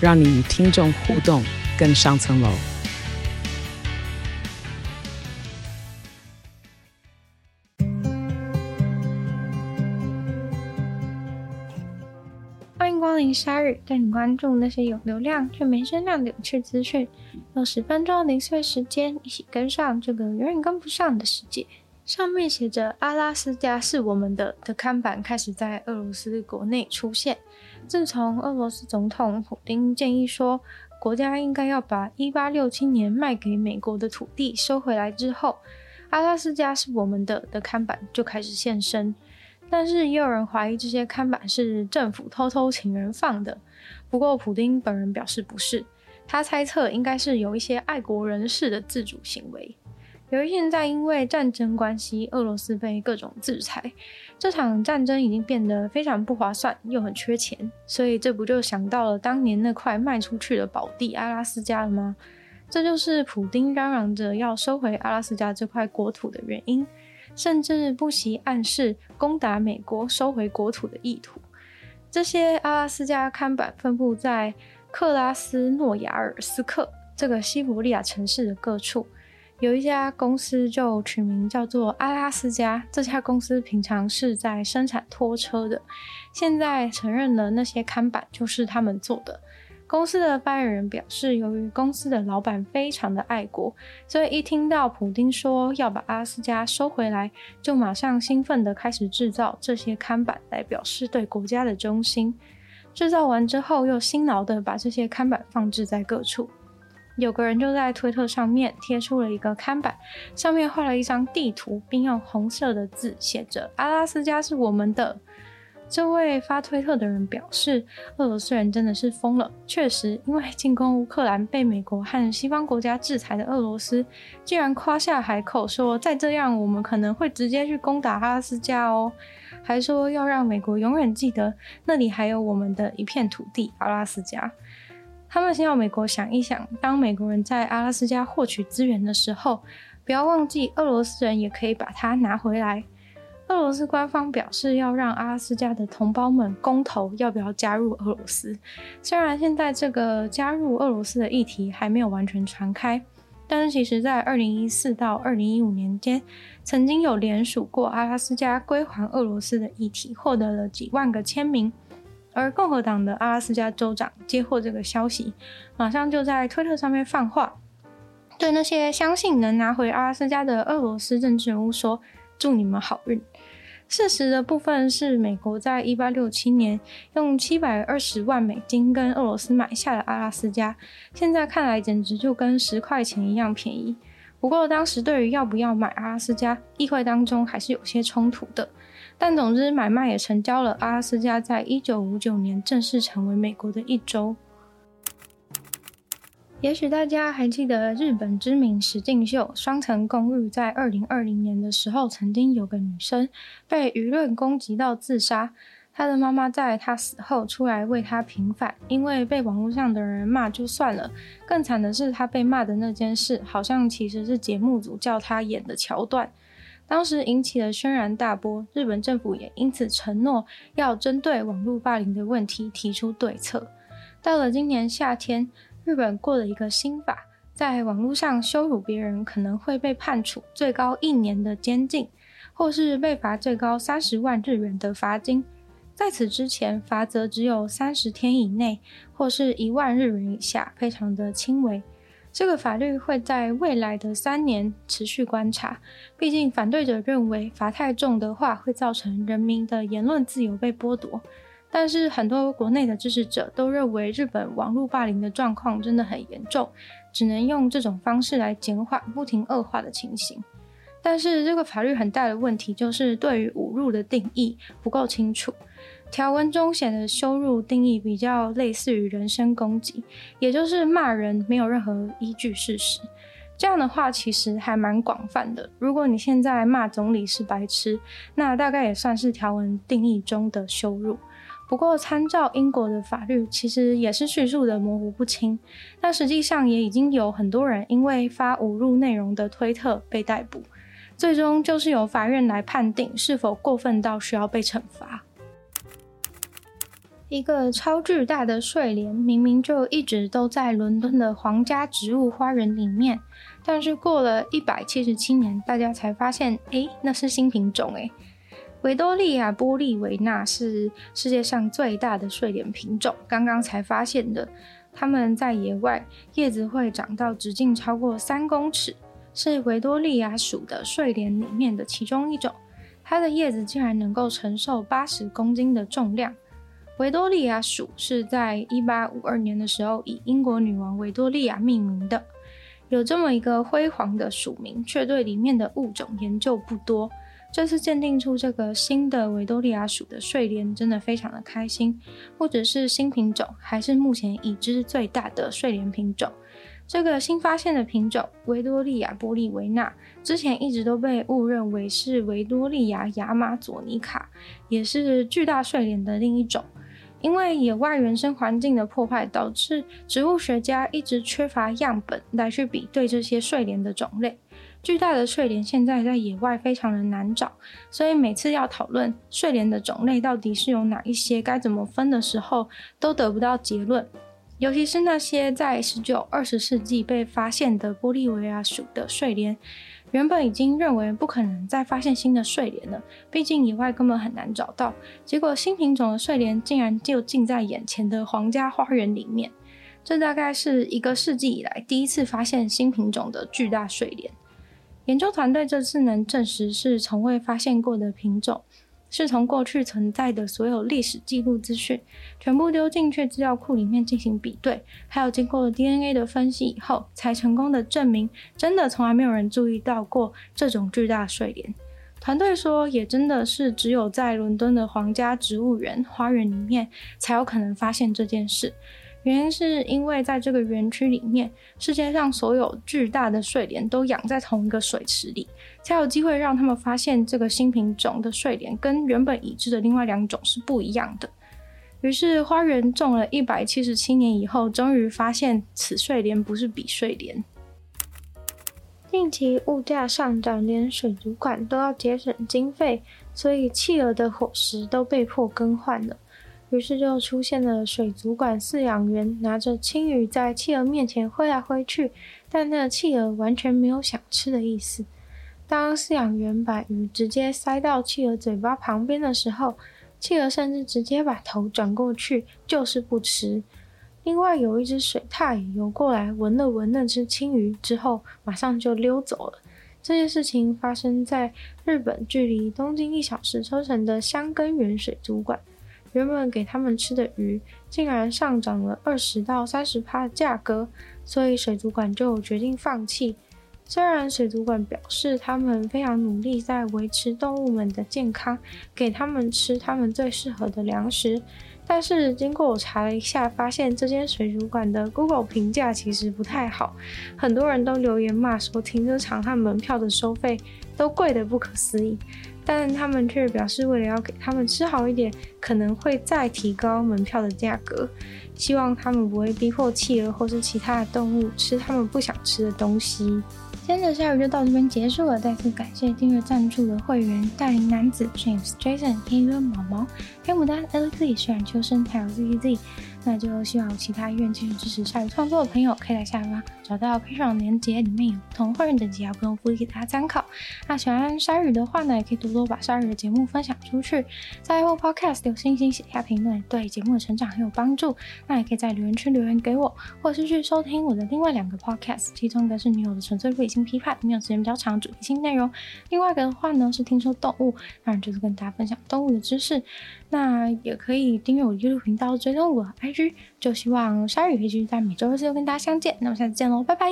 讓你與聽眾互動更上層樓。歡迎光臨鯊語，帶你關注那些有流量卻沒聲量的有趣資訊，用十分鐘的零碎時間，一起跟上這個永遠跟不上的世界。上面寫着“阿拉斯加是我們的”的看板開始在俄羅斯國內出現。自從俄羅斯總統普丁建議說國家應該要把1867年賣給美國的土地收回來之後，“阿拉斯加是我們的”的看板就開始現身。但是也有人懷疑這些看板是政府偷偷請人放的。不過普丁本人表示不是，他猜測應該是有一些愛國人士的自主行為。由於現在因為戰爭關係，俄羅斯被各種制裁，這場戰爭已經變得非常不划算，又很缺錢，所以這不就想到了當年那塊賣出去的寶地阿拉斯加了嗎？這就是普丁嚷嚷着要收回阿拉斯加這塊國土的原因，甚至不惜暗示攻打美國、收回國土的意圖。這些阿拉斯加看板分布在克拉斯諾亞爾斯克這個西伯利亞城市的各處。有一家公司就取名叫做阿拉斯加，這家公司平常是在生產拖車的，現在承認了那些看板就是他們做的。公司的發言人表示，由於公司的老板非常的愛國，所以一聽到普丁說要把阿拉斯加收回來，就馬上興奮地開始製造這些看板來表示對國家的忠心。製造完之後，又辛勞地把這些看板放置在各處。有個人就在推特上面貼出了一個看板，上面畫了一張地圖，並用紅色的字寫着“阿拉斯加是我們的”。這位發推特的人表示，俄羅斯人真的是瘋了。確實，因為進攻烏克蘭被美國和西方國家制裁的俄羅斯，竟然誇下海口說：“再這樣，我們可能會直接去攻打阿拉斯加哦。”還說要讓美國永遠記得那裡還有我們的一片土地——阿拉斯加。他們先要美國想一想，當美國人在阿拉斯加獲取資源的時候，不要忘記俄羅斯人也可以把它拿回來。俄羅斯官方表示要讓阿拉斯加的同胞們公投要不要加入俄羅斯。雖然現在這個加入俄羅斯的議題還沒有完全傳開，但是其實，在二零一四到二零一五年間，曾經有聯署過阿拉斯加歸還俄羅斯的議題，獲得了幾萬個簽名。而共和黨的阿拉斯加州長接獲這個消息，馬上就在推特上面放話，對那些相信能拿回阿拉斯加的俄羅斯政治人物說：“祝你們好運。”事實的部分是，美國在1867年用720萬美金跟俄羅斯買下了阿拉斯加，現在看來簡直就跟十塊錢一樣便宜。不過當時對於要不要買阿拉斯加，議會當中，還是有些衝突的。但總之，買賣也成交了。阿拉斯加在一九五九年正式成為美國的一州。也許大家還記得日本知名實境秀雙層公寓，在二零二零年的時候，曾經有個女生被輿論攻擊到自殺。她的媽媽在她死後出來為她平反，因為被網絡上的人罵就算了，更慘的是，她被罵的那件事，好像其實是節目組叫她演的橋段。當時引起了軒然大波，日本政府也因此承諾要針對網絡霸凌的問題提出對策。到了今年夏天，日本通過了一個新法，在網絡上羞辱別人可能會被判處最高一年的監禁，或是被罰最高三十萬日元的罰金。在此之前，罰則只有三十天以內，或是一萬日元以下，非常的輕微。這個法律會在未來的三年持續觀察，畢竟反對者認為罰太重的話會造成人民的言論自由被剝奪。但是很多國內的支持者都認為，日本網絡霸凌的狀況真的很嚴重，只能用這種方式來減緩不停惡化的情形。但是這個法律很大的問題就是對於侮辱的定義不夠清楚，條文中寫的羞辱定義比較類似於人身攻擊，也就是罵人沒有任何依據事實。這樣的話其實還蠻廣泛的。如果你現在罵總理是白痴，那大概也算是條文定義中的羞辱。不過參照英國的法律，其實也是敘述的模糊不清。但實際上也已經有很多人因為發侮辱內容的推特被逮捕。最終就是由法院來判定是否過分到需要被懲罰。一個超巨大的睡蓮明明就一直都在倫敦的皇家植物花園裡面，但是過了一百七十七年，大家才發現，哎，那是新品種哎。維多利亞玻利維納是世界上最大的睡蓮品種，剛剛才發現的。它們在野外葉子會長到直徑超過三公尺。是維多利亞屬的睡蓮裡面的其中一種，它的葉子竟然能夠承受八十公斤的重量。維多利亞屬是在一八五二年的時候以英國女王維多利亞命名的，有這麼一個輝煌的屬名，卻對裡面的物種研究不多。這次鑑定出這個新的維多利亞屬的睡蓮，真的非常的開心，不只是新品種，還是目前已知最大的睡蓮品種。這個新發現的品種維多利亞玻利維納，之前一直都被誤認為是維多利亞亞馬佐尼卡，也是巨大睡蓮的另一種。因為野外原生環境的破壞，導致植物學家一直缺乏樣本來去比對這些睡蓮的種類。巨大的睡蓮現在在野外非常的難找，所以每次要討論睡蓮的種類到底是有哪一些，該怎麼分的時候，都得不到結論。尤其是那些在十九、二十世紀被發現的玻利維亞屬的睡蓮，原本已經認為不可能再發現新的睡蓮了，畢竟野外根本很難找到。結果，新品種的睡蓮竟然就近在眼前的皇家花園裡面。這大概是一個世紀以來第一次發現新品種的巨大睡蓮。研究團隊這次能證實是從未發現過的品種。是從過去存在的所有歷史記錄資訊全部丟進去資料庫裡面進行比對，還有經過 DNA 的分析以後，才成功的證明真的從來沒有人注意到過這種巨大睡蓮。團隊說，也真的是只有在倫敦的皇家植物園花園裡面才有可能發現這件事。原因是因為在這個園區裡面，世界上所有巨大的睡蓮都養在同一個水池裡，才有機會讓他們發現這個新品種的睡蓮跟原本已知的另外兩種是不一樣的。於是，花園種了一百七十七年以後，終於發現此睡蓮不是彼睡蓮。近期物價上漲，連水族館都要節省經費，所以企鵝的夥食都被迫更換了。於是就出現了水族館飼養員拿着鯖魚在企鵝面前揮來揮去，但那企鵝完全沒有想吃的意思。當飼養員把魚直接塞到企鵝嘴巴旁邊的時候，企鵝甚至直接把頭轉過去，就是不吃。另外有一隻水獺游過來聞了聞那隻鯖魚之後，馬上就溜走了。這件事情發生在日本，距離東京一小時車程的箱根園水族館。原本給他們吃的魚，竟然上漲了二十到三十趴的價格，所以水族館就決定放棄雖然水族館表示他們非常努力在維持動物們的健康，給他們吃他們最適合的糧食，但是經過我查了一下，發現這間水族館的 Google 評價其實不太好，很多人都留言罵說停車場和門票的收費都貴得不可思議。但他們卻表示，為了要給他們吃好一點，可能會再提高門票的價格。希望他們不會逼迫企鵝或是其他的動物吃他們不想吃的東西。今天的節目就到這邊結束了，再次感謝訂閱贊助的會員：大齡男子 James Jason,、James、Jason、天元、毛毛、黑牡丹、l u c k 秋小邱生、還有 Z Z。那就希望其他願意繼續支持鯊魚創作的朋友，可以在下方找到 Patreon 連接，裡面有不同會員等級啊，不同福利給大家參考。那喜歡鯊魚的話呢，也可以多多把鯊魚的節目分享出去，在後 podcast 有星星寫下評論，對節目的成長很有幫助。那也可以在留言區留言給我，或者是去收聽我的另外兩個 podcast，其中一個是女友的純粹不理性批判，女友時間比較長，主題性內容，另外一個的話呢，是聽說動物，當然就是跟大家分享動物的知識。那也可以訂閱我的 YouTube 頻道，追蹤我的 IG。就希望鯊魚可以繼續在每週四又跟大家相見，那我們下次見嘍，拜拜。